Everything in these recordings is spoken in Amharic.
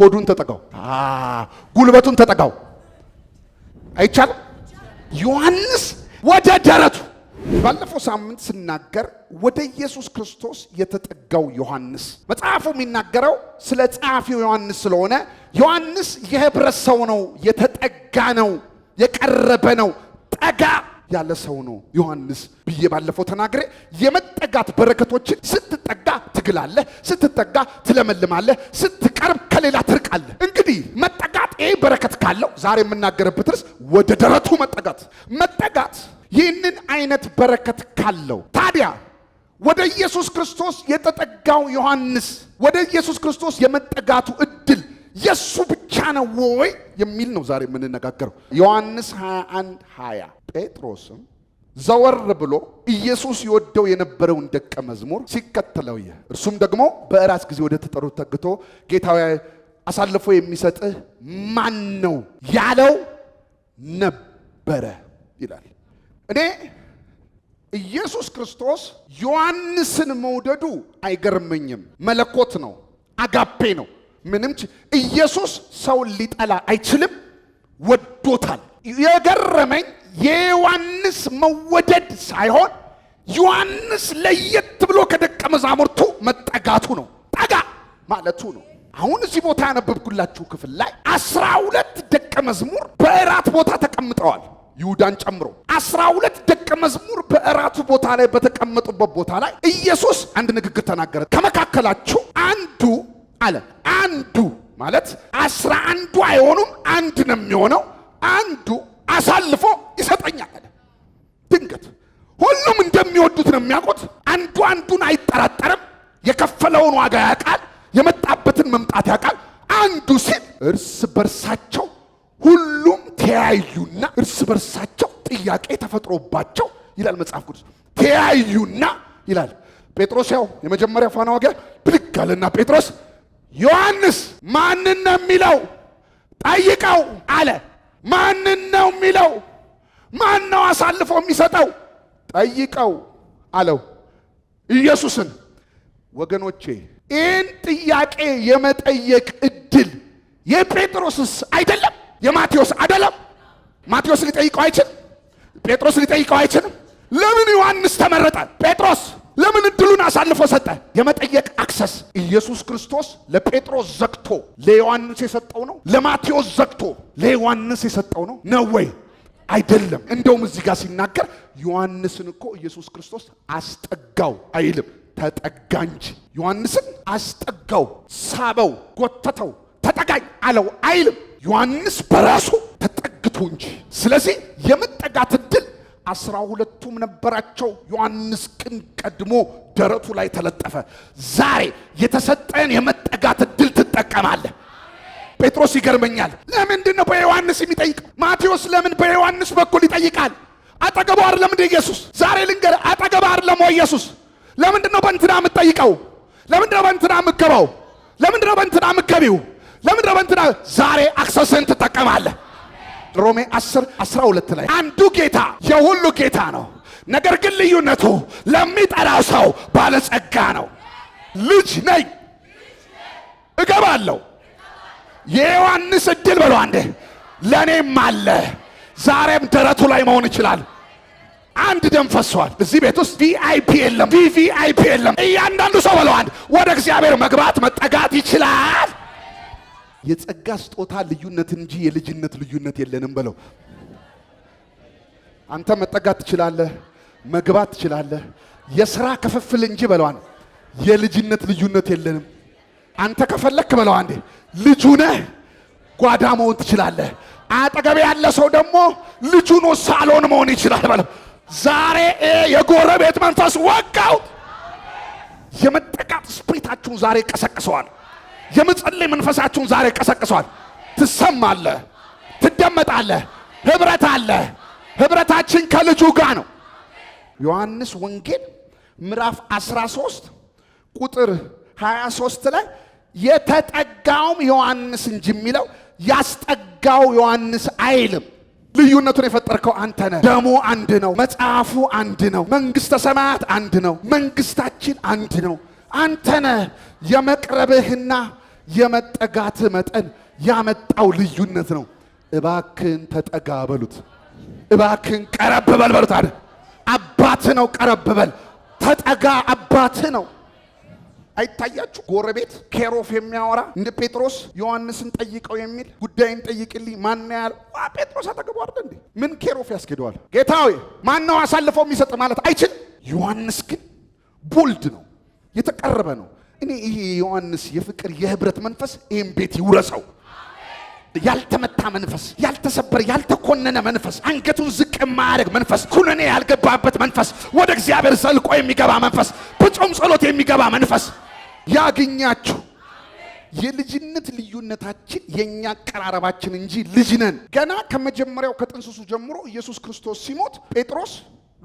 ሆዱን ተጠጋው፣ ጉልበቱን ተጠጋው። አይቻልም። ዮሐንስ ወደ ደረቱ ባለፈው ሳምንት ስናገር ወደ ኢየሱስ ክርስቶስ የተጠጋው ዮሐንስ መጽሐፉ የሚናገረው ስለ ጸሐፊው ዮሐንስ ስለሆነ ዮሐንስ የህብረት ሰው ነው፣ የተጠጋ ነው፣ የቀረበ ነው። ጠጋ ያለ ሰው ነው ዮሐንስ ብዬ ባለፈው ተናግሬ የመጠጋት በረከቶችን ስትጠጋ ትግላለህ፣ ስትጠጋ ትለመልማለህ፣ ስትቀርብ ከሌላ ትርቃለህ። እንግዲህ መጠጋት ይህ በረከት ካለው ዛሬ የምናገርበት ርዕስ ወደ ደረቱ መጠጋት መጠጋት ይህንን አይነት በረከት ካለው ታዲያ ወደ ኢየሱስ ክርስቶስ የተጠጋው ዮሐንስ ወደ ኢየሱስ ክርስቶስ የመጠጋቱ እድል የእሱ ብቻ ነው ወይ የሚል ነው ዛሬ የምንነጋገረው ዮሐንስ 21 20 ጴጥሮስም ዘወር ብሎ ኢየሱስ ይወደው የነበረውን ደቀ መዝሙር ሲከተለው ይህ እርሱም ደግሞ በእራት ጊዜ ወደ ተጠሩት ተግቶ ጌታዊ አሳልፎ የሚሰጥህ ማን ነው ያለው ነበረ ይላል። እኔ ኢየሱስ ክርስቶስ ዮሐንስን መውደዱ አይገርመኝም። መለኮት ነው፣ አጋፔ ነው። ምንም ኢየሱስ ሰውን ሊጠላ አይችልም፣ ወዶታል። የገረመኝ የዮሐንስ መወደድ ሳይሆን ዮሐንስ ለየት ብሎ ከደቀ መዛሙርቱ መጠጋቱ ነው፣ ጠጋ ማለቱ ነው። አሁን እዚህ ቦታ ያነበብኩላችሁ ክፍል ላይ አስራ ሁለት ደቀ መዝሙር በእራት ቦታ ተቀምጠዋል፣ ይሁዳን ጨምሮ አስራ ሁለት ደቀ መዝሙር በእራቱ ቦታ ላይ በተቀመጡበት ቦታ ላይ ኢየሱስ አንድ ንግግር ተናገረ። ከመካከላችሁ አንዱ አለ። አንዱ ማለት አስራ አንዱ አይሆኑም፣ አንድ ነው የሚሆነው። አንዱ አሳልፎ ይሰጠኛል አለ። ድንገት ሁሉም እንደሚወዱት ነው የሚያውቁት። አንዱ አንዱን አይጠራጠርም። የከፈለውን ዋጋ ያውቃል። የመጣበትን መምጣት ያውቃል። አንዱ ሲል እርስ በርሳቸው ሁሉም ተያዩና እርስ በርሳቸው ጥያቄ ተፈጥሮባቸው ይላል መጽሐፍ ቅዱስ ተያዩና ይላል ጴጥሮስ ያው የመጀመሪያ ፋና ዋጊያ ብድግ አለና ጴጥሮስ ዮሐንስ ማንን ነው የሚለው ጠይቀው አለ ማንን ነው የሚለው? ማን ነው አሳልፎ የሚሰጠው? ጠይቀው አለው ኢየሱስን። ወገኖቼ ይህን ጥያቄ የመጠየቅ እድል የጴጥሮስስ አይደለም፣ የማቴዎስ አይደለም። ማቴዎስ ሊጠይቀው አይችልም፣ ጴጥሮስ ሊጠይቀው አይችልም። ለምን ዮሐንስ ተመረጠ? ጴጥሮስ ለምን እድሉን አሳልፎ ሰጠ? የመጠየቅ አክሰስ ኢየሱስ ክርስቶስ ለጴጥሮስ ዘግቶ ለዮሐንስ የሰጠው ነው? ለማቴዎስ ዘግቶ ለዮሐንስ የሰጠው ነው ነው ወይ? አይደለም። እንደውም እዚህ ጋር ሲናገር ዮሐንስን እኮ ኢየሱስ ክርስቶስ አስጠጋው አይልም፣ ተጠጋ እንጂ ዮሐንስን አስጠጋው፣ ሳበው፣ ጎተተው፣ ተጠጋኝ አለው አይልም። ዮሐንስ በራሱ ተጠግቶ እንጂ። ስለዚህ የመጠጋት እድል አስራ ሁለቱም ነበራቸው። ዮሐንስ ግን ቀድሞ ደረቱ ላይ ተለጠፈ። ዛሬ የተሰጠን የመጠጋት እድል ትጠቀማለህ። ጴጥሮስ ይገርመኛል። ለምንድን ነው በዮሐንስ የሚጠይቀው? ማቴዎስ ለምን በዮሐንስ በኩል ይጠይቃል? አጠገቡ አይደለም እንደ ኢየሱስ። ዛሬ ልንገር፣ አጠገቡ አይደለም ወይ ኢየሱስ? ለምንድን ነው በእንትና የምትጠይቀው? ለምንድን ነው በእንትና የምትገባው? ለምንድን ነው በእንትና የምትገቢው? ለምንድን ነው በእንትና? ዛሬ አክሰስን ትጠቀማለህ። ሮሜ 10 12 ላይ አንዱ ጌታ የሁሉ ጌታ ነው። ነገር ግን ልዩነቱ ለሚጠራው ሰው ባለጸጋ ነው። ልጅ ነኝ እገባለሁ። የዮሐንስ እድል በለው አንዴ ለእኔም አለ። ዛሬም ደረቱ ላይ መሆን ይችላል። አንድ ደም ፈሷል። እዚህ ቤት ውስጥ ቪአይፒ የለም፣ ቪቪአይፒ የለም። እያንዳንዱ ሰው በለው አንድ ወደ እግዚአብሔር መግባት መጠጋት ይችላል። የጸጋ ስጦታ ልዩነት እንጂ የልጅነት ልዩነት የለንም በለው። አንተ መጠጋት ትችላለህ፣ መግባት ትችላለህ። የስራ ክፍፍል እንጂ በለዋን የልጅነት ልዩነት የለንም። አንተ ከፈለክ በለው አንዴ ልጁ ነህ፣ ጓዳ መሆን ትችላለህ። አጠገቤ ያለ ሰው ደግሞ ልጁ ነው፣ ሳሎን መሆን ይችላል በለው። ዛሬ የጎረቤት መንፈስ ወጋው። የመጠቃት ስፕሪታችሁን ዛሬ ቀሰቅሰዋል። የምጸልይ መንፈሳችሁን ዛሬ ቀሰቅሷል። ትሰማለህ፣ ትደመጣለህ፣ ህብረት አለ። ህብረታችን ከልጁ ጋር ነው። ዮሐንስ ወንጌል ምዕራፍ 13 ቁጥር 23 ላይ የተጠጋውም ዮሐንስ እንጂ የሚለው ያስጠጋው ዮሐንስ አይልም። ልዩነቱን የፈጠርከው አንተ ነህ። ደሙ አንድ ነው። መጽሐፉ አንድ ነው። መንግሥተ ሰማያት አንድ ነው። መንግሥታችን አንድ ነው። አንተ ነህ የመቅረብህና የመጠጋት መጠን ያመጣው ልዩነት ነው። እባክን ተጠጋ በሉት፣ እባክን ቀረብ በል በሉት። አለ አባት ነው። ቀረብ በል ተጠጋ፣ አባት ነው። አይታያችሁ ጎረቤት ኬሮፍ የሚያወራ እንደ ጴጥሮስ ዮሐንስን ጠይቀው የሚል ጉዳይን ጠይቅልኝ ማን ያለ ጴጥሮስ አጠገቡ አለ እንዴ? ምን ኬሮፍ ያስኬደዋል? ጌታዊ ማን ነው አሳልፈው የሚሰጥ ማለት አይችልም። ዮሐንስ ግን ቦልድ ነው፣ የተቀረበ ነው። እኔ ይሄ ዮሐንስ የፍቅር የህብረት መንፈስ ይህም ቤት ይውረሰው። ያልተመታ መንፈስ፣ ያልተሰበረ ያልተኮነነ መንፈስ፣ አንገቱን ዝቅ የማያደርግ መንፈስ፣ ኩነኔ ያልገባበት መንፈስ፣ ወደ እግዚአብሔር ዘልቆ የሚገባ መንፈስ፣ በጾም ጸሎት የሚገባ መንፈስ ያግኛችሁ። የልጅነት ልዩነታችን የእኛ አቀራረባችን እንጂ ልጅ ነን። ገና ከመጀመሪያው ከጥንስሱ ጀምሮ ኢየሱስ ክርስቶስ ሲሞት ጴጥሮስ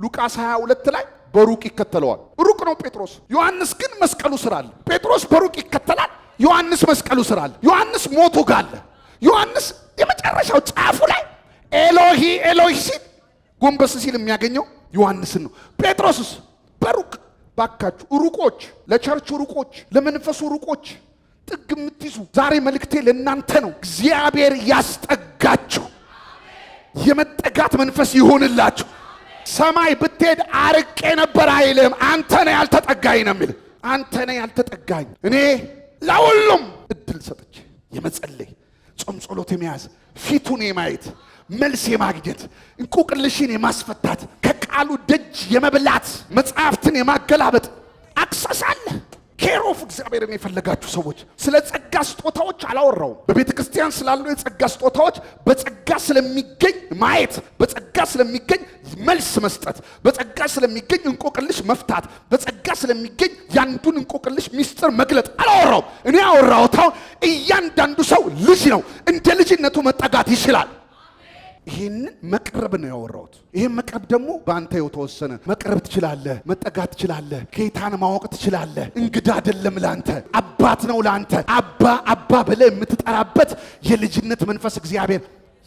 ሉቃስ 22 ላይ በሩቅ ይከተለዋል። ሩቅ ነው ጴጥሮስ። ዮሐንስ ግን መስቀሉ ስር አለ። ጴጥሮስ በሩቅ ይከተላል። ዮሐንስ መስቀሉ ስር አለ። ዮሐንስ ሞቶ ጋር አለ። ዮሐንስ የመጨረሻው ጫፉ ላይ ኤሎሂ ኤሎሂ ሲል ጎንበስ ሲል የሚያገኘው ዮሐንስን ነው። ጴጥሮስስ በሩቅ ባካችሁ፣ ሩቆች፣ ለቸርቹ ሩቆች፣ ለመንፈሱ ሩቆች ጥግ የምትይዙ ዛሬ መልእክቴ ለእናንተ ነው። እግዚአብሔር ያስጠጋችሁ። የመጠጋት መንፈስ ይሆንላችሁ። ሰማይ ብትሄድ አርቄ ነበር አይልም። አንተ ነህ ያልተጠጋኝ ነው የሚል አንተ ነህ ያልተጠጋኝ። እኔ ለሁሉም እድል ሰጥች የመጸለይ ጾም ጸሎት የመያዝ ፊቱን የማየት መልስ የማግኘት እንቁቅልሽን የማስፈታት ከቃሉ ደጅ የመብላት መጽሐፍትን የማገላበጥ አክሰስ አለ። ኬር ኦፍ እግዚአብሔርን የፈለጋችሁ ሰዎች ስለ ጸጋ ስጦታዎች አላወራውም። በቤተ ክርስቲያን ስላሉ የጸጋ ስጦታዎች፣ በጸጋ ስለሚገኝ ማየት፣ በጸጋ ስለሚገኝ መልስ መስጠት፣ በጸጋ ስለሚገኝ እንቆቅልሽ መፍታት፣ በጸጋ ስለሚገኝ ያንዱን እንቆቅልሽ ሚስጥር መግለጥ አላወራውም። እኔ ያወራሁት አሁን እያንዳንዱ ሰው ልጅ ነው። እንደ ልጅነቱ መጠጋት ይችላል። ይህንን መቅረብ ነው ያወራሁት። ይህን መቅረብ ደግሞ በአንተ የተወሰነ መቅረብ ትችላለህ፣ መጠጋት ትችላለህ፣ ጌታን ማወቅ ትችላለህ። እንግዳ አይደለም ለአንተ፣ አባት ነው ለአንተ። አባ አባ ብለህ የምትጠራበት የልጅነት መንፈስ እግዚአብሔር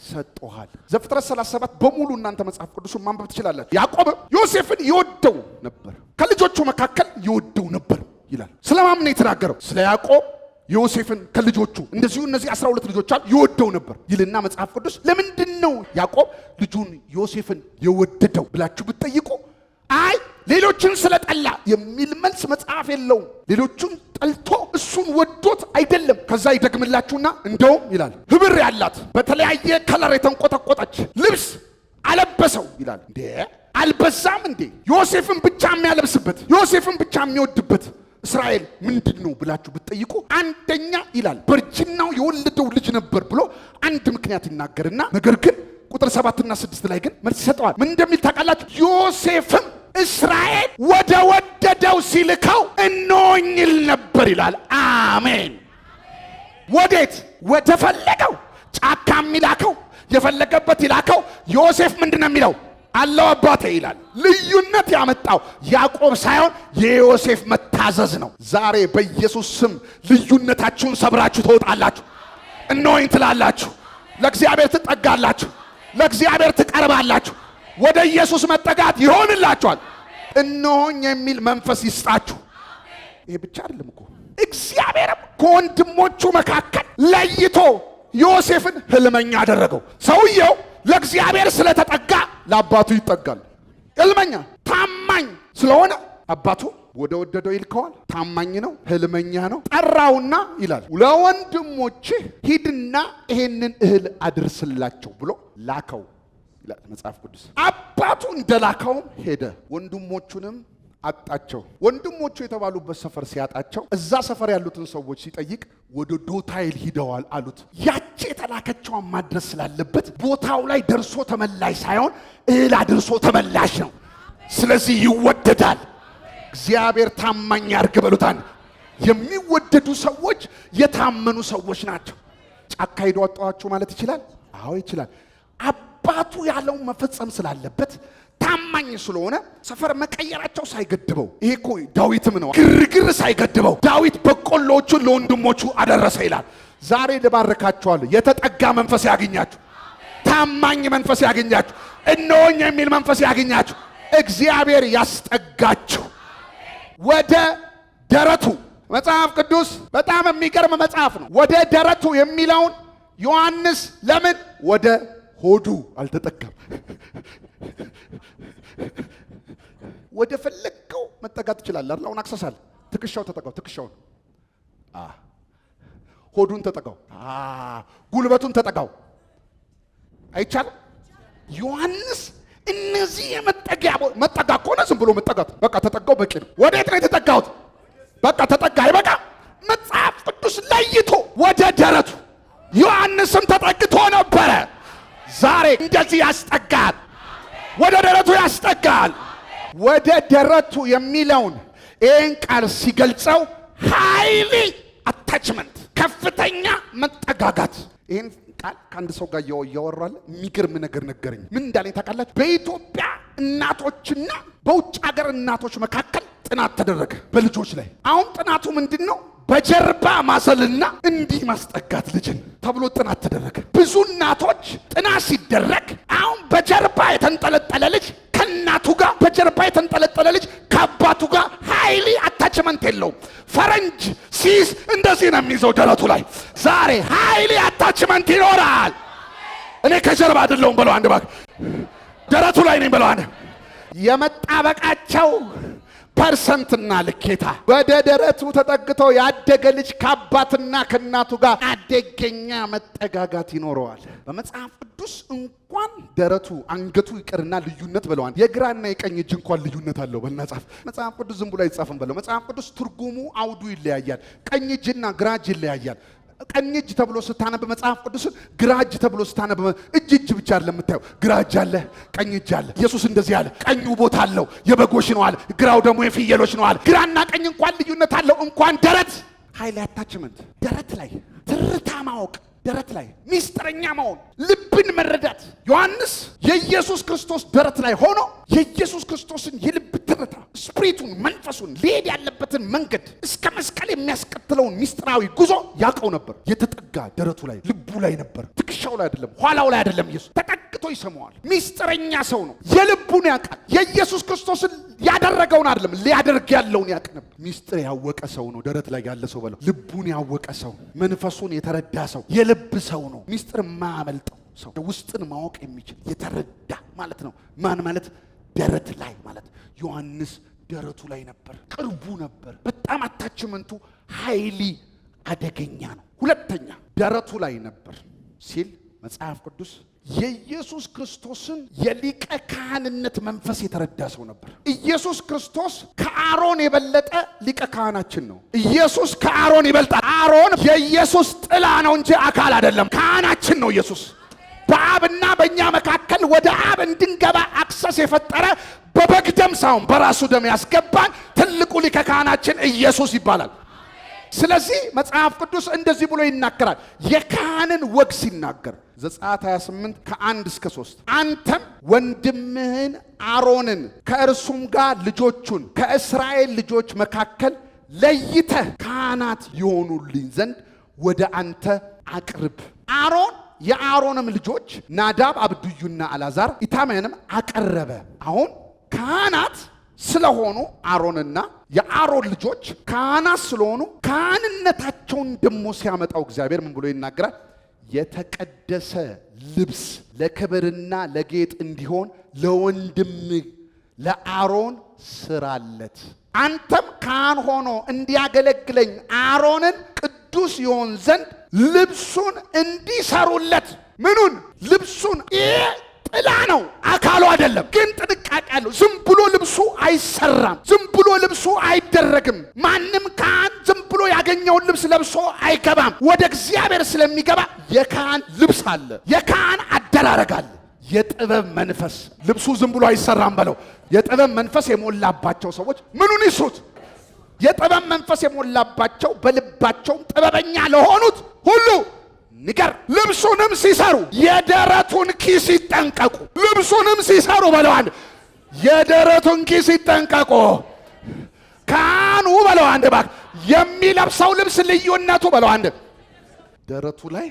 ሰጥቶሃል። ዘፍጥረት 37 በሙሉ እናንተ መጽሐፍ ቅዱሱን ማንበብ ትችላላችሁ። ያዕቆብ ዮሴፍን ይወደው ነበር፣ ከልጆቹ መካከል ይወደው ነበር ይላል። ስለማምን የተናገረው ስለ ያዕቆብ ዮሴፍን ከልጆቹ እንደዚሁ እነዚህ አስራ ሁለት ልጆች አሉ ይወደው ነበር ይልና መጽሐፍ ቅዱስ ለምንድን ነው ያዕቆብ ልጁን ዮሴፍን የወደደው ብላችሁ ብትጠይቁ አይ ሌሎችን ስለጠላ የሚል መልስ መጽሐፍ የለውም። ሌሎቹን ጠልቶ እሱን ወዶት አይደለም። ከዛ ይደግምላችሁና እንደውም ይላል ህብር ያላት በተለያየ ከለር የተንቆጠቆጠች ልብስ አለበሰው ይላል። እንዴ አልበዛም እንዴ? ዮሴፍን ብቻ የሚያለብስበት ዮሴፍን ብቻ የሚወድበት እስራኤል ምንድን ነው ብላችሁ ብትጠይቁ አንደኛ ይላል በእርጅናው የወለደው ልጅ ነበር ብሎ አንድ ምክንያት ይናገርና ነገር ግን ቁጥር ሰባትና ስድስት ላይ ግን መልስ ይሰጠዋል። ምን እንደሚል ታውቃላችሁ? ዮሴፍም እስራኤል ወደ ወደደው ሲልከው እኖኝል ነበር ይላል። አሜን። ወዴት? ወደ ፈለገው ጫካ የሚላከው የፈለገበት ይላከው። ዮሴፍ ምንድን ነው የሚለው አለው አባቴ ይላል። ልዩነት ያመጣው ያዕቆብ ሳይሆን የዮሴፍ መታዘዝ ነው። ዛሬ በኢየሱስ ስም ልዩነታችሁን ሰብራችሁ ትወጣላችሁ። እነሆኝ ትላላችሁ። ለእግዚአብሔር ትጠጋላችሁ። ለእግዚአብሔር ትቀርባላችሁ። ወደ ኢየሱስ መጠጋት ይሆንላችኋል። እነሆኝ የሚል መንፈስ ይስጣችሁ። ይሄ ብቻ አይደለም እኮ እግዚአብሔርም ከወንድሞቹ መካከል ለይቶ ዮሴፍን ህልመኛ አደረገው። ሰውየው ለእግዚአብሔር ስለተጠጋ ለአባቱ ይጠጋል። እልመኛ ታማኝ ስለሆነ አባቱ ወደ ወደደው ይልከዋል። ታማኝ ነው፣ ህልመኛ ነው። ጠራውና ይላል ለወንድሞችህ ሂድና ይሄንን እህል አድርስላቸው ብሎ ላከው ይላል መጽሐፍ ቅዱስ። አባቱ እንደላከውም ሄደ ወንድሞቹንም አጣቸው። ወንድሞቹ የተባሉበት ሰፈር ሲያጣቸው እዛ ሰፈር ያሉትን ሰዎች ሲጠይቅ ወደ ዶታይል ሂደዋል አሉት። ያቺ የተላከችዋን ማድረስ ስላለበት ቦታው ላይ ደርሶ ተመላሽ ሳይሆን እህል አድርሶ ተመላሽ ነው። ስለዚህ ይወደዳል። እግዚአብሔር ታማኝ ያርግ በሉታን። የሚወደዱ ሰዎች የታመኑ ሰዎች ናቸው። ጫካ ሂደ አጣዋቸው ማለት ይችላል? አዎ ይችላል። አባቱ ያለውን መፈጸም ስላለበት ታማኝ ስለሆነ ሰፈር መቀየራቸው ሳይገድበው፣ ይሄ እኮ ዳዊትም ነው፣ ግርግር ሳይገድበው ዳዊት በቆሎዎቹን ለወንድሞቹ አደረሰ ይላል። ዛሬ ልባርካችኋለሁ። የተጠጋ መንፈስ ያገኛችሁ፣ ታማኝ መንፈስ ያገኛችሁ፣ እነሆኝ የሚል መንፈስ ያገኛችሁ፣ እግዚአብሔር ያስጠጋችሁ ወደ ደረቱ። መጽሐፍ ቅዱስ በጣም የሚገርም መጽሐፍ ነው። ወደ ደረቱ የሚለውን ዮሐንስ ለምን ወደ ሆዱ አልተጠጋም? ወደ ፈለግከው መጠጋት ትችላለህ አይደል? አሁን አክሰሳል ትከሻው ተጠጋው፣ ትከሻውን ሆዱን ተጠጋው፣ ጉልበቱን ተጠጋው። አይቻልም። ዮሐንስ እነዚህ የመጠጊያ መጠጋ ከሆነ ዝም ብሎ መጠጋት በቃ ተጠጋው በቂ ነው። ወዴት ነው የተጠጋሁት? በቃ ተጠጋ አይበቃ። መጽሐፍ ቅዱስ ለይቶ ወደ ደረቱ ዮሐንስም ተጠግቶ ነበረ። ዛሬ እንደዚህ ያስጠጋል። ወደ ደረቱ ያስጠጋል። ወደ ደረቱ የሚለውን ይህን ቃል ሲገልጸው ሃይሊ አታችመንት ከፍተኛ መጠጋጋት ይህን ቃል ከአንድ ሰው ጋር እያወራለ የሚገርም ነገር ነገረኝ። ምን እንዳለኝ ታውቃላችሁ? በኢትዮጵያ እናቶችና በውጭ ሀገር እናቶች መካከል ጥናት ተደረገ በልጆች ላይ። አሁን ጥናቱ ምንድን ነው? በጀርባ ማሰልና እንዲህ ማስጠጋት ልጅን ተብሎ ጥናት ተደረገ። ብዙ እናቶች ጥናት ሲደረግ አሁን በጀርባ የተንጠለጠለ ልጅ ከእናቱ ጋር በጀርባ የተንጠለጠለ ልጅ ከአባቱ ጋር ሀይሊ አታችመንት የለውም። ፈረንጅ ሲስ እንደዚህ ነው የሚይዘው ደረቱ ላይ። ዛሬ ሀይሊ አታችመንት ይኖራል። እኔ ከጀርባ አይደለሁም በለው አንድ እባክህ፣ ደረቱ ላይ ነኝ በለው አንድ የመጣበቃቸው ፐርሰንትና ልኬታ ወደ ደረቱ ተጠግቶ ያደገ ልጅ ከአባትና ከእናቱ ጋር አደገኛ መጠጋጋት ይኖረዋል። በመጽሐፍ ቅዱስ እንኳን ደረቱ አንገቱ ይቅርና ልዩነት ብለዋል። የግራና የቀኝ እጅ እንኳን ልዩነት አለው። በልናጻፍ መጽሐፍ ቅዱስ ዝም ብሎ አይጻፍም። በለው መጽሐፍ ቅዱስ ትርጉሙ አውዱ ይለያያል። ቀኝ እጅና ግራ እጅ ይለያያል። ቀኝ እጅ ተብሎ ስታነብ መጽሐፍ ቅዱስን ግራ እጅ ተብሎ ስታነብ እጅ እጅ ብቻ አይደለም የምታየው፣ ግራ እጅ አለ፣ ቀኝ እጅ አለ። ኢየሱስ እንደዚህ አለ፣ ቀኙ ቦታ አለው የበጎች ነው አለ፣ ግራው ደግሞ የፍየሎች ነው አለ። ግራና ቀኝ እንኳን ልዩነት አለው። እንኳን ደረት ሀይል አታችመንት ደረት ላይ ትርታ ማወቅ ደረት ላይ ሚስጥረኛ መሆን ልብን መረዳት ዮሐንስ የኢየሱስ ክርስቶስ ደረት ላይ ሆኖ የኢየሱስ ክርስቶስን የልብ ትርታ ስፕሪቱን መንፈሱን ሊሄድ ያለበትን መንገድ እስከ መስቀል የሚያስቀጥለውን ሚስጥራዊ ጉዞ ያውቀው ነበር። የተጠጋ ደረቱ ላይ ልቡ ላይ ነበር፣ ትከሻው ላይ አይደለም፣ ኋላው ላይ አይደለም። ኢየሱስ ተጠግቶ ይሰማዋል። ሚስጥረኛ ሰው ነው። የልቡን ያውቃል። የኢየሱስ ክርስቶስን ያደረገውን አይደለም፣ ሊያደርግ ያለውን ያውቅ ነበር። ሚስጥር ያወቀ ሰው ነው። ደረት ላይ ያለ ሰው በለው። ልቡን ያወቀ ሰው ነው። መንፈሱን የተረዳ ሰው፣ የልብ ሰው ነው። ሚስጥር የማያመልጠው ሰው፣ ውስጥን ማወቅ የሚችል የተረዳ ማለት ነው። ማን ማለት ደረት ላይ ማለት ዮሐንስ ደረቱ ላይ ነበር፣ ቅርቡ ነበር። በጣም አታችመንቱ ኃይሊ አደገኛ ነው። ሁለተኛ ደረቱ ላይ ነበር ሲል መጽሐፍ ቅዱስ የኢየሱስ ክርስቶስን የሊቀ ካህንነት መንፈስ የተረዳ ሰው ነበር። ኢየሱስ ክርስቶስ ከአሮን የበለጠ ሊቀ ካህናችን ነው። ኢየሱስ ከአሮን ይበልጣል። አሮን የኢየሱስ ጥላ ነው እንጂ አካል አይደለም። ካህናችን ነው ኢየሱስ በአብና በእኛ መካከል ወደ አብ እንድንገባ አክሰስ የፈጠረ በበግ ደም ሳይሆን በራሱ ደም ያስገባን ትልቁ ሊቀ ካህናችን ኢየሱስ ይባላል። ስለዚህ መጽሐፍ ቅዱስ እንደዚህ ብሎ ይናገራል። የካህንን ወግ ሲናገር ዘጸአት 28 ከአንድ እስከ ሶስት አንተም ወንድምህን አሮንን ከእርሱም ጋር ልጆቹን ከእስራኤል ልጆች መካከል ለይተህ ካህናት የሆኑልኝ ዘንድ ወደ አንተ አቅርብ። አሮን የአሮንም ልጆች ናዳብ፣ አብድዩና አላዛር ኢታማንም አቀረበ። አሁን ካህናት ስለሆኑ አሮንና የአሮን ልጆች ካህናት ስለሆኑ ካህንነታቸውን ደሞ ሲያመጣው እግዚአብሔር ምን ብሎ ይናገራል? የተቀደሰ ልብስ ለክብርና ለጌጥ እንዲሆን ለወንድም ለአሮን ስራለት፣ አንተም ካህን ሆኖ እንዲያገለግለኝ አሮንን ቅዱስ ይሆን ዘንድ ልብሱን እንዲሰሩለት ምኑን ልብሱን ይሄ ጥላ ነው፣ አካሉ አይደለም። ግን ጥንቃቄ አለው። ዝም ብሎ ልብሱ አይሰራም። ዝም ብሎ ልብሱ አይደረግም። ማንም ካህን ዝም ብሎ ያገኘውን ልብስ ለብሶ አይገባም። ወደ እግዚአብሔር ስለሚገባ የካህን ልብስ አለ፣ የካህን አደራረግ አለ። የጥበብ መንፈስ ልብሱ ዝም ብሎ አይሰራም በለው። የጥበብ መንፈስ የሞላባቸው ሰዎች ምኑን ይሱት? የጥበብ መንፈስ የሞላባቸው በልባቸውም ጥበበኛ ለሆኑት ሁሉ ንገር። ልብሱንም ሲሰሩ የደረቱን ኪስ ይጠንቀቁ። ልብሱንም ሲሰሩ በለዋል፣ የደረቱን ኪስ ይጠንቀቁ። ካህኑ በለው አንድ ባክ የሚለብሰው ልብስ ልዩነቱ በለው አንድ ደረቱ ላይ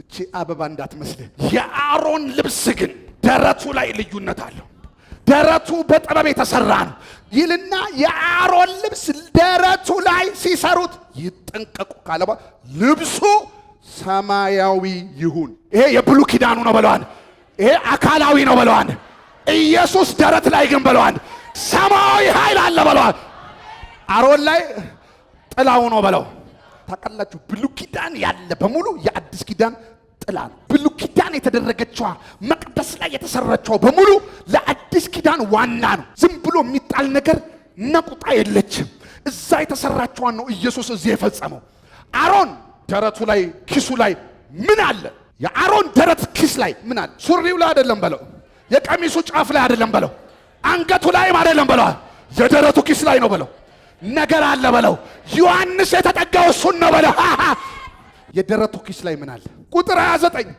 እቺ አበባ እንዳትመስል የአሮን ልብስ ግን ደረቱ ላይ ልዩነት አለው። ደረቱ በጥበብ የተሰራ ነው ይልና የአሮን ልብስ ደረቱ ላይ ሲሰሩት ይጠንቀቁ ካለ ልብሱ ሰማያዊ ይሁን። ይሄ የብሉ ኪዳኑ ነው በለዋን። ይሄ አካላዊ ነው በለዋን። ኢየሱስ ደረት ላይ ግን በለዋን ሰማያዊ ኃይል አለ በለዋን። አሮን ላይ ጥላው ነው በለው። ታውቃላችሁ ብሉ ኪዳን ያለ በሙሉ የአዲስ ኪዳን ጥላ ነው። ኪዳን የተደረገችዋ መቅደስ ላይ የተሰራችዋ በሙሉ ለአዲስ ኪዳን ዋና ነው። ዝም ብሎ የሚጣል ነገር ነቁጣ የለችም። እዛ የተሰራችዋን ነው ኢየሱስ እዚህ የፈጸመው። አሮን ደረቱ ላይ ኪሱ ላይ ምን አለ? የአሮን ደረት ኪስ ላይ ምን አለ? ሱሪው ላይ አይደለም በለው፣ የቀሚሱ ጫፍ ላይ አይደለም በለው፣ አንገቱ ላይም አይደለም በለው፣ የደረቱ ኪስ ላይ ነው በለው። ነገር አለ በለው። ዮሐንስ የተጠጋው እሱን ነው በለው። የደረቱ ኪስ ላይ ምን አለ? ቁጥር 29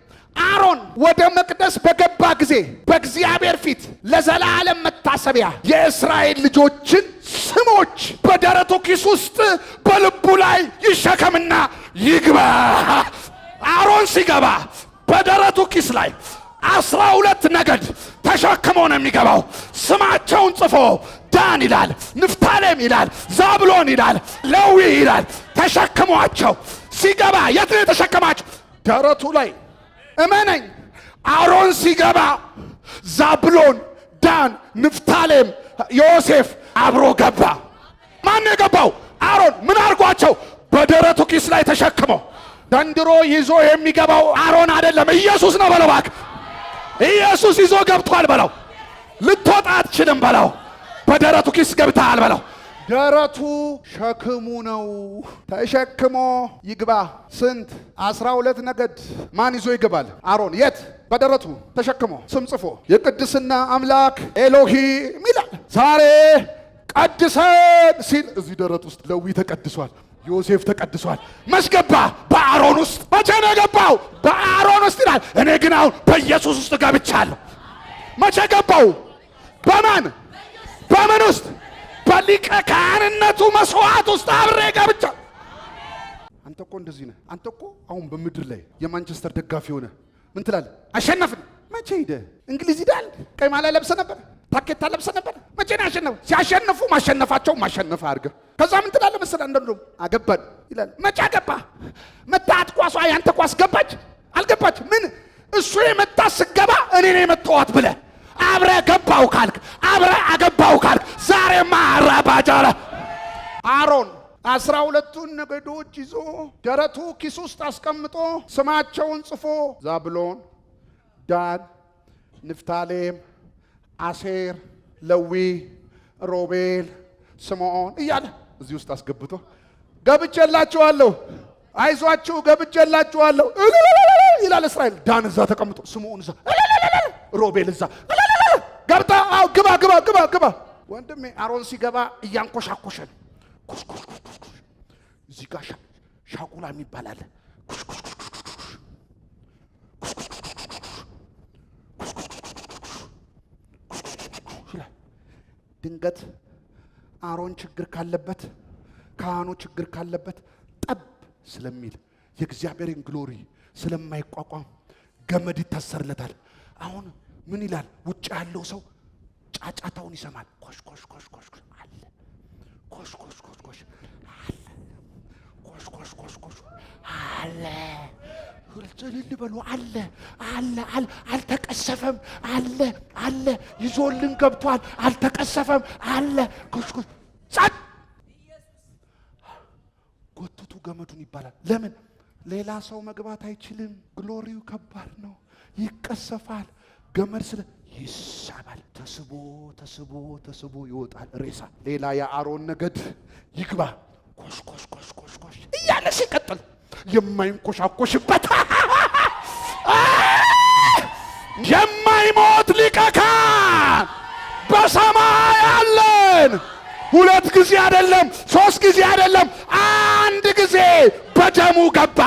አሮን ወደ መቅደስ በገባ ጊዜ በእግዚአብሔር ፊት ለዘላለም መታሰቢያ የእስራኤል ልጆችን ስሞች በደረቱ ኪስ ውስጥ በልቡ ላይ ይሸከምና ይግባ። አሮን ሲገባ በደረቱ ኪስ ላይ አስራ ሁለት ነገድ ተሸክሞ ነው የሚገባው። ስማቸውን ጽፎ ዳን ይላል፣ ንፍታሌም ይላል፣ ዛብሎን ይላል፣ ለዊ ይላል። ተሸክሟቸው ሲገባ የት ነው የተሸከማቸው? ደረቱ ላይ እመነኝ። አሮን ሲገባ ዛብሎን፣ ዳን፣ ንፍታሌም፣ ዮሴፍ አብሮ ገባ። ማን የገባው? አሮን። ምን አድርጓቸው? በደረቱ ኪስ ላይ ተሸክመው ዘንድሮ ይዞ የሚገባው አሮን አይደለም፣ ኢየሱስ ነው በለው። እባክህ ኢየሱስ ይዞ ገብቷል በለው። ልትወጣ አትችልም በለው። በደረቱ ኪስ ገብተሃል በለው። ደረቱ ሸክሙ ነው። ተሸክሞ ይግባ። ስንት አስራ ሁለት ነገድ ማን ይዞ ይገባል? አሮን የት በደረቱ ተሸክሞ ስም ጽፎ የቅድስና አምላክ ኤሎሂም ይላል። ዛሬ ቀድሰን ሲል እዚህ ደረት ውስጥ ለዊ ተቀድሷል። ዮሴፍ ተቀድሷል። መስገባ በአሮን ውስጥ መቼ ነው የገባው? በአሮን ውስጥ ይላል። እኔ ግን አሁን በኢየሱስ ውስጥ ገብቻለሁ። መቼ ገባው? በማን በምን ውስጥ በሊቀ ካህንነቱ መስዋዕት ውስጥ አብሬ ገብቻ አንተ እኮ እንደዚህ ነህ። አንተ እኮ አሁን በምድር ላይ የማንቸስተር ደጋፊ ሆነ ምን ትላለህ? አሸነፍን። መቼ ሄደህ እንግሊዝ ሂዳል። ቀይ ማሊያ ለብሰ ነበር፣ ታኬታ ለብሰ ነበር። መቼ ነው ያሸነፉ? ሲያሸንፉ ማሸነፋቸው ማሸነፍ አድርገ ከዛ ምን ትላለህ መሰለህ? እንደ አገባን ይላል። መቼ አገባ? መታት ኳሷ ያንተ ኳስ ገባች አልገባች? ምን እሱ የመታ ስገባ እኔ ነው የመታዋት ብለህ አብረ ገባው ካልክ አብረ አገባው ካልክ ዛሬ አራባጃለ አሮን አስራ ሁለቱን ነገዶች ይዞ ደረቱ ኪስ ውስጥ አስቀምጦ ስማቸውን ጽፎ ዛብሎን፣ ዳን፣ ንፍታሌም፣ አሴር፣ ለዊ፣ ሮቤል፣ ስምዖን እያለ እዚህ ውስጥ አስገብቶ ገብቼላችኋለሁ፣ አይዟችሁ ገብቼላችኋለሁ ይላል። እስራኤል ዳን እዛ ተቀምጦ ስምዖን እዛ ሮቤል እዛ ገብታ ግባ ግባ ግባ ግባ። ወንድሜ አሮን ሲገባ እያንኮሻኮሸ ነው። እዚህ ሻቁላ የሚባል አለ። ድንገት አሮን ችግር ካለበት ካህኑ ችግር ካለበት ጠብ ስለሚል የእግዚአብሔርን ግሎሪ ስለማይቋቋም ገመድ ይታሰርለታል አሁን ምን ይላል? ውጭ ያለው ሰው ጫጫታውን ይሰማል። ኮሽ ኮሽ ኮሽ ኮሽ አለ ኮሽ ኮሽ ኮሽ ኮሽ አለ ኮሽ ኮሽ ኮሽ ኮሽ አለ ልል በሉ አለ አለ አለ አልተቀሰፈም አለ አለ ይዞልን ገብቷል። አልተቀሰፈም አለ ኮሽ ኮሽ ጸጥ ጎትቱ ገመዱን ይባላል። ለምን ሌላ ሰው መግባት አይችልም። ግሎሪው ከባድ ነው። ይቀሰፋል ገመድ ስለ ይሳባል። ተስቦ ተስቦ ተስቦ ይወጣል ሬሳ። ሌላ የአሮን ነገድ ይግባ። ኮሽ ኮሽ ኮሽ ኮሽ ኮሽ እያለ ሲቀጥል የማይንኮሻኮሽበት የማይሞት ሊቀ ካህን በሰማይ አለን። ሁለት ጊዜ አይደለም፣ ሶስት ጊዜ አይደለም፣ አንድ ጊዜ በደሙ ገባ።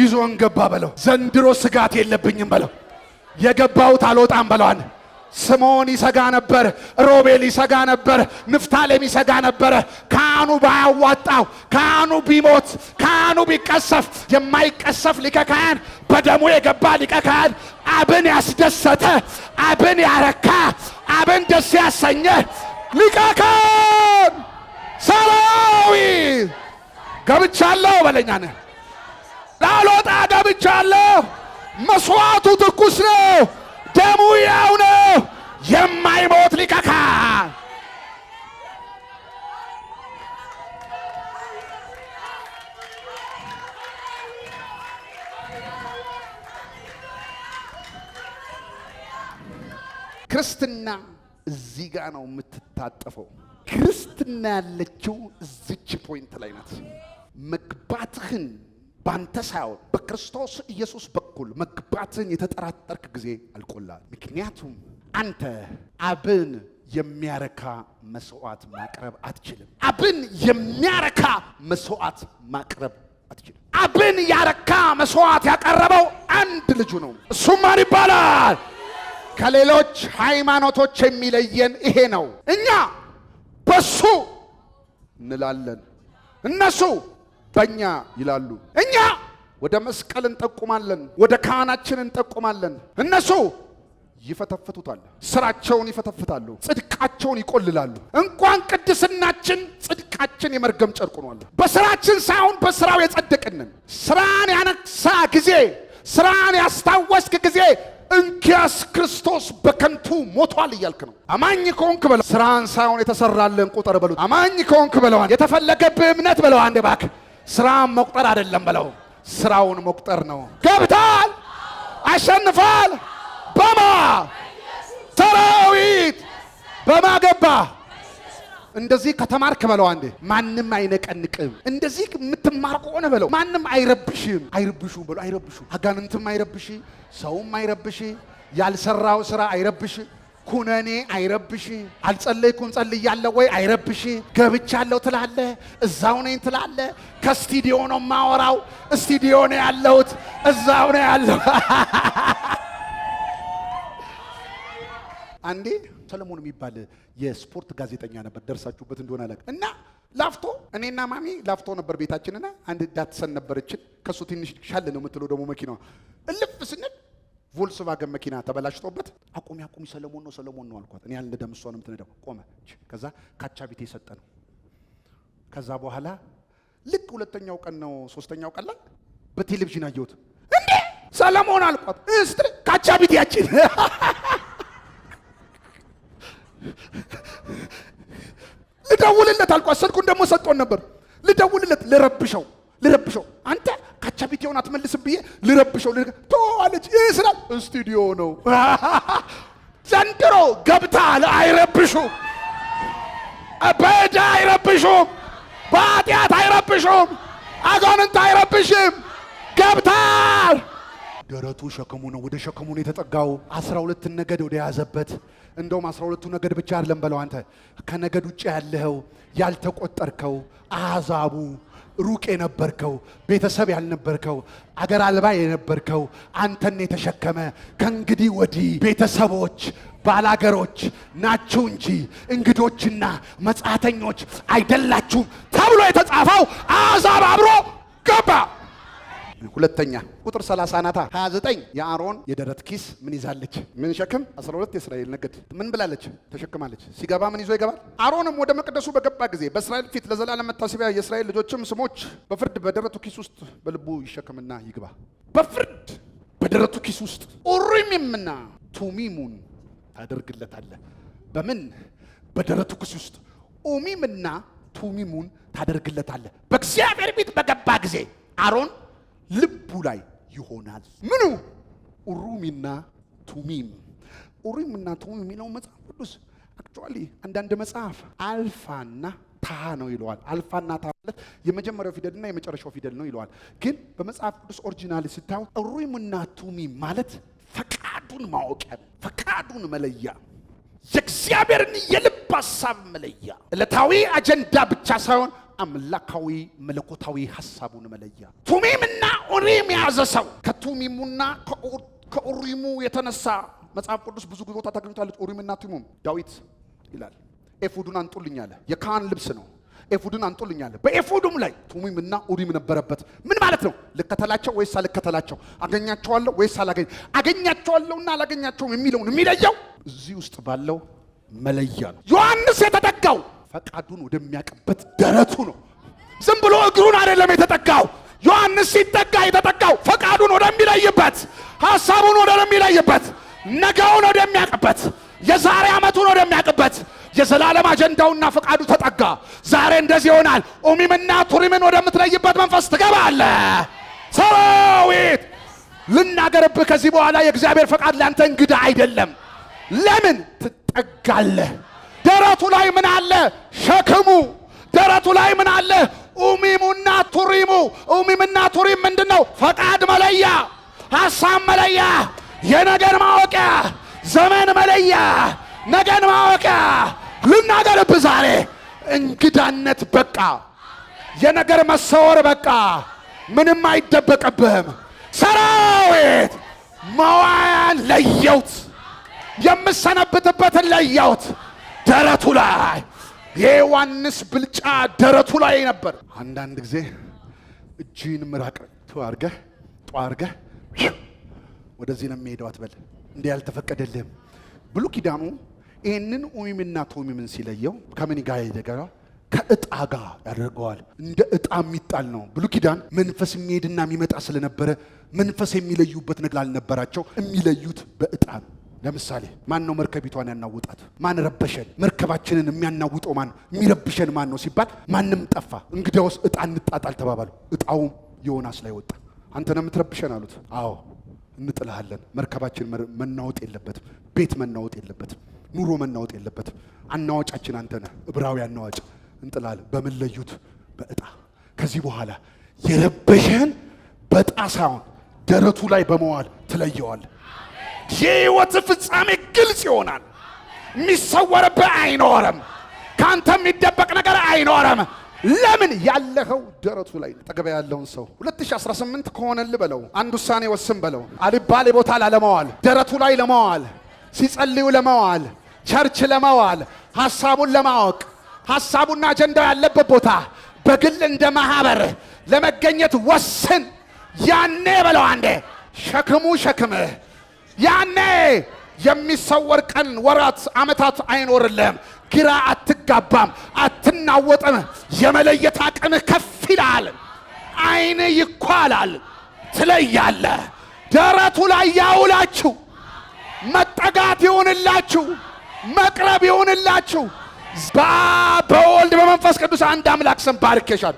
ይዞን ገባ በለው። ዘንድሮ ስጋት የለብኝም በለው። የገባሁት አልወጣም በሏን። ስምዖን ይሰጋ ነበር፣ ሮቤል ይሰጋ ነበር፣ ንፍታሌም ይሰጋ ነበረ። ካህኑ ባያዋጣው፣ ካህኑ ቢሞት፣ ካህኑ ቢቀሰፍ፣ የማይቀሰፍ ሊቀ ካህን በደሙ የገባ ሊቀ ካህን አብን ያስደሰተ፣ አብን ያረካ፣ አብን ደስ ያሰኘ ሊቀ ካህን ሰላዊ ገብቻለሁ በለኛነ ላልወጣ ገብቻለሁ መስዋዕቱ ትኩስ ነው፣ ደሙ ያው ነው። የማይሞት ሊቀ ካህን ክርስትና እዚህ ጋ ነው የምትታጠፈው። ክርስትና ያለችው እዚች ፖይንት ላይ ናት። መግባትህን ባንተ ሳይሆን በክርስቶስ ኢየሱስ በኩል መግባትን የተጠራጠርክ ጊዜ አልቆላል። ምክንያቱም አንተ አብን የሚያረካ መስዋዕት ማቅረብ አትችልም። አብን የሚያረካ መስዋዕት ማቅረብ አትችልም። አብን ያረካ መስዋዕት ያቀረበው አንድ ልጁ ነው። እሱ ማን ይባላል? ከሌሎች ሃይማኖቶች የሚለየን ይሄ ነው። እኛ በሱ እንላለን፣ እነሱ በእኛ ይላሉ። እኛ ወደ መስቀል እንጠቁማለን፣ ወደ ካህናችን እንጠቁማለን። እነሱ ይፈተፍቱታል፣ ስራቸውን ይፈተፍታሉ፣ ጽድቃቸውን ይቆልላሉ። እንኳን ቅድስናችን ጽድቃችን የመርገም ጨርቁ ነው በስራችን ሳይሆን በስራው የጸደቅንን ስራን ያነሳ ጊዜ ስራን ያስታወስክ ጊዜ እንኪያስ ክርስቶስ በከንቱ ሞቷል እያልክ ነው። አማኝ ከሆንክ በለው ስራን ሳይሆን የተሰራልን ቁጥር በሉት። አማኝ ከሆንክ በለዋን የተፈለገብህ እምነት በለው አንድ እባክህ ስራ መቁጠር አይደለም በለው፣ ስራውን መቁጠር ነው። ገብታል አሸንፋል። በማ ሰራዊት በማገባ እንደዚህ ከተማርክ በለው፣ አንዴ ማንም አይነቀንቅም። እንደዚህ የምትማር ከሆነ በለው፣ ማንም አይረብሽም። አይረብሹ በለው፣ አይረብሹ። አጋንንትም አይረብሽ፣ ሰውም አይረብሽ፣ ያልሰራው ስራ አይረብሽ ኩነኔ አይረብሽ። አልጸለይኩም ጸልያለሁ ወይ አይረብሽ። ገብቻለሁ ትላለ፣ እዛው ነኝ ትላለ። ከስቱዲዮ ነው ማወራው፣ ስቱዲዮ ነው ያለሁት፣ እዛው ነው ያለሁ። አንዴ ሰለሞን የሚባል የስፖርት ጋዜጠኛ ነበር፣ ደርሳችሁበት እንደሆነ አላውቅ እና ላፍቶ እኔና ማሚ ላፍቶ ነበር ቤታችንና አንድ ዳትሰን ነበረችን። ከሱ ትንሽ ሻል ነው የምትለው ደግሞ መኪናዋ እልፍ ስንል ቮልስቫገን መኪና ተበላሽቶበት አቁሚ አቁሚ፣ ሰለሞን ነው ሰለሞን ነው አልኳት። እኔ አልነዳም፣ እሷ ነው የምትነዳው። ቆመች። ከዛ ካቻ ቢቴ ሰጠ ነው። ከዛ በኋላ ልክ ሁለተኛው ቀን ነው ሶስተኛው ቀን ላይ በቴሌቪዥን አየሁት። እንዴ ሰለሞን አልኳት። እስቲ ካቻ ቤቴ ያችን ልደውልለት አልኳት። ስልኩን ደግሞ ሰጥቶን ነበር። ልደውልለት ልረብሸው ልረብሸው አንተ ካቻ ቢቴውን አትመልስም ብዬ ልረብሸው ቶ አለች። ይህ ስላል ስቱዲዮ ነው ዘንድሮ ገብታል። አይረብሹ፣ በእዳ አይረብሹም፣ በኃጢአት አይረብሹም፣ አጋንንት አይረብሽም። ገብታል። ደረቱ ሸክሙ ነው። ወደ ሸክሙ ነው የተጠጋው። አስራ ሁለትን ነገድ ወደ ያዘበት እንደውም አስራ ሁለቱ ነገድ ብቻ አይደለም በለው አንተ ከነገድ ውጭ ያለኸው ያልተቆጠርከው አሕዛቡ ሩቅ የነበርከው ቤተሰብ ያልነበርከው አገር አልባ የነበርከው አንተን የተሸከመ ከእንግዲህ ወዲህ ቤተሰቦች ባላገሮች ናችሁ እንጂ እንግዶችና መጻተኞች አይደላችሁም ተብሎ የተጻፈው አሕዛብ አብሮ ገባ። ይላል። ሁለተኛ ቁጥር 30 ናታ 29 የአሮን የደረት ኪስ ምን ይዛለች? ምን ሸክም 12 የእስራኤል ነገድ ምን ብላለች? ተሸክማለች። ሲገባ ምን ይዞ ይገባል? አሮንም ወደ መቅደሱ በገባ ጊዜ በእስራኤል ፊት ለዘላለም መታሰቢያ የእስራኤል ልጆችም ስሞች በፍርድ በደረቱ ኪስ ውስጥ በልቡ ይሸከምና ይግባ። በፍርድ በደረቱ ኪስ ውስጥ ኡሪምምና ቱሚሙን ታደርግለታለ። በምን በደረቱ ኪስ ውስጥ ኡሚምና ቱሚሙን ታደርግለታለ። በእግዚአብሔር ቤት በገባ ጊዜ አሮን ልቡ ላይ ይሆናል። ምኑ ኡሩሚና ቱሚም ኡሪምና ቱሚም የሚለው መጽሐፍ ቅዱስ አክቹዋሊ አንዳንድ መጽሐፍ አልፋና ታሃ ነው ይለዋል። አልፋና ታሃ ማለት የመጀመሪያው ፊደልና የመጨረሻው ፊደል ነው ይለዋል። ግን በመጽሐፍ ቅዱስ ኦሪጂናል ስታዩ ኡሪምና ቱሚም ማለት ፈቃዱን ማወቂያ ፈቃዱን መለያ የእግዚአብሔርን የልብ ሀሳብ መለያ ዕለታዊ አጀንዳ ብቻ ሳይሆን አምላካዊ መለኮታዊ ሀሳቡን መለያ ቱሚምና ኡሪም የያዘ ሰው ከቱሚሙና ከኡሪሙ የተነሳ መጽሐፍ ቅዱስ ብዙ ቦታ ታገኙታለች። ኡሪምና ቱሚም ዳዊት ይላል። ኤፉዱን አንጡልኝ አለ። የካህን ልብስ ነው። ኤፉዱን አንጡልኝ አለ። በኤፉዱም ላይ ቱሚምና ኡሪም ነበረበት። ምን ማለት ነው? ልከተላቸው ወይስ አልከተላቸው? አገኛቸዋለሁ ወይስ አላገኝ አገኛቸዋለሁና አላገኛቸውም የሚለውን የሚለየው እዚህ ውስጥ ባለው መለያ ነው። ዮሐንስ የተጠጋው ፈቃዱን ወደሚያውቅበት ደረቱ ነው። ዝም ብሎ እግሩን አይደለም የተጠጋው። ዮሐንስ ሲጠጋ የተጠጋው ፈቃዱን ወደሚለይበት፣ ሐሳቡን ወደሚለይበት፣ ነገውን ወደሚያውቅበት፣ የዛሬ ዓመቱን ወደሚያውቅበት የዘላለም አጀንዳውና ፈቃዱ ተጠጋ። ዛሬ እንደዚህ ይሆናል። ኡሚምና ቱሪምን ወደምትለይበት መንፈስ ትገባለ። ሰራዊት ልናገርብህ፣ ከዚህ በኋላ የእግዚአብሔር ፈቃድ ላንተ እንግዳ አይደለም። ለምን ትጠጋለህ? ደረቱ ላይ ምን አለ? ሸክሙ። ደረቱ ላይ ምን አለ? ኡሚሙና ቱሪሙ። ኡሚምና ቱሪም ምንድን ነው? ፈቃድ መለያ፣ ሀሳብ መለያ፣ የነገር ማወቂያ፣ ዘመን መለያ፣ ነገን ማወቂያ። ልናገርብ ዛሬ እንግዳነት በቃ፣ የነገር መሰወር በቃ፣ ምንም አይደበቅብህም። ሰራዊት መዋያን ለየውት፣ የምሰነብትበትን ለየውት ደረቱ ላይ የዮሐንስ ብልጫ ደረቱ ላይ ነበር። አንዳንድ ጊዜ እጅን ምራቅ አድርገህ ጧ አድርገህ ወደዚህ ነው የሚሄደው አትበል፣ እንዲህ ያልተፈቀደልህም። ብሉ ኪዳኑ ይህንን ኡሚምና ቶሚምን ሲለየው ከምን ጋር ይደገራ ከእጣ ጋር ያደርገዋል። እንደ እጣ የሚጣል ነው። ብሉ ኪዳን መንፈስ የሚሄድና የሚመጣ ስለነበረ መንፈስ የሚለዩበት ነገር አልነበራቸው። የሚለዩት በእጣ ነው። ለምሳሌ ማን ነው መርከቢቷን ያናውጣት? ማን ረበሸን? መርከባችንን የሚያናውጠው ማን ነው? የሚረብሸን ማን ነው ሲባል ማንም ጠፋ። እንግዲያውስ እጣ እንጣጣል ተባባሉ። እጣውም ዮናስ ላይ ወጣ። አንተ ነው የምትረብሸን አሉት። አዎ እንጥልሃለን። መርከባችን መናወጥ የለበትም። ቤት መናወጥ የለበትም። ኑሮ መናወጥ የለበትም። አናዋጫችን አንተ ነህ፣ እብራዊ አናዋጭ። እንጥላል። በምን ለዩት? በእጣ። ከዚህ በኋላ የረበሸን በጣ ሳይሆን ደረቱ ላይ በመዋል ትለየዋል። የህይወት ፍጻሜ ግልጽ ይሆናል። የሚሰወርብህ አይኖርም። ከአንተ የሚደበቅ ነገር አይኖርም። ለምን ያለኸው ደረቱ ላይ ጠገበ ያለውን ሰው 2018 ከሆነል በለው። አንድ ውሳኔ ወስን በለው። አልባሌ ቦታ ላለመዋል፣ ደረቱ ላይ ለመዋል፣ ሲጸልዩ ለመዋል፣ ቸርች ለመዋል፣ ሐሳቡን ለማወቅ ሐሳቡና አጀንዳው ያለበት ቦታ በግል እንደ ማህበር ለመገኘት ወስን። ያኔ በለው አንዴ ሸክሙ ሸክምህ ያኔ የሚሰወር ቀን፣ ወራት፣ ዓመታት አይኖርልህም። ግራ አትጋባም፣ አትናወጥም። የመለየት አቅምህ ከፍ ይላል። አይን ይኳላል፣ ትለያለ። ደረቱ ላይ ያውላችሁ። መጠጋት ይሁንላችሁ፣ መቅረብ ይሁንላችሁ። በአብ በወልድ በመንፈስ ቅዱስ አንድ አምላክ ስም ባርኬሻል።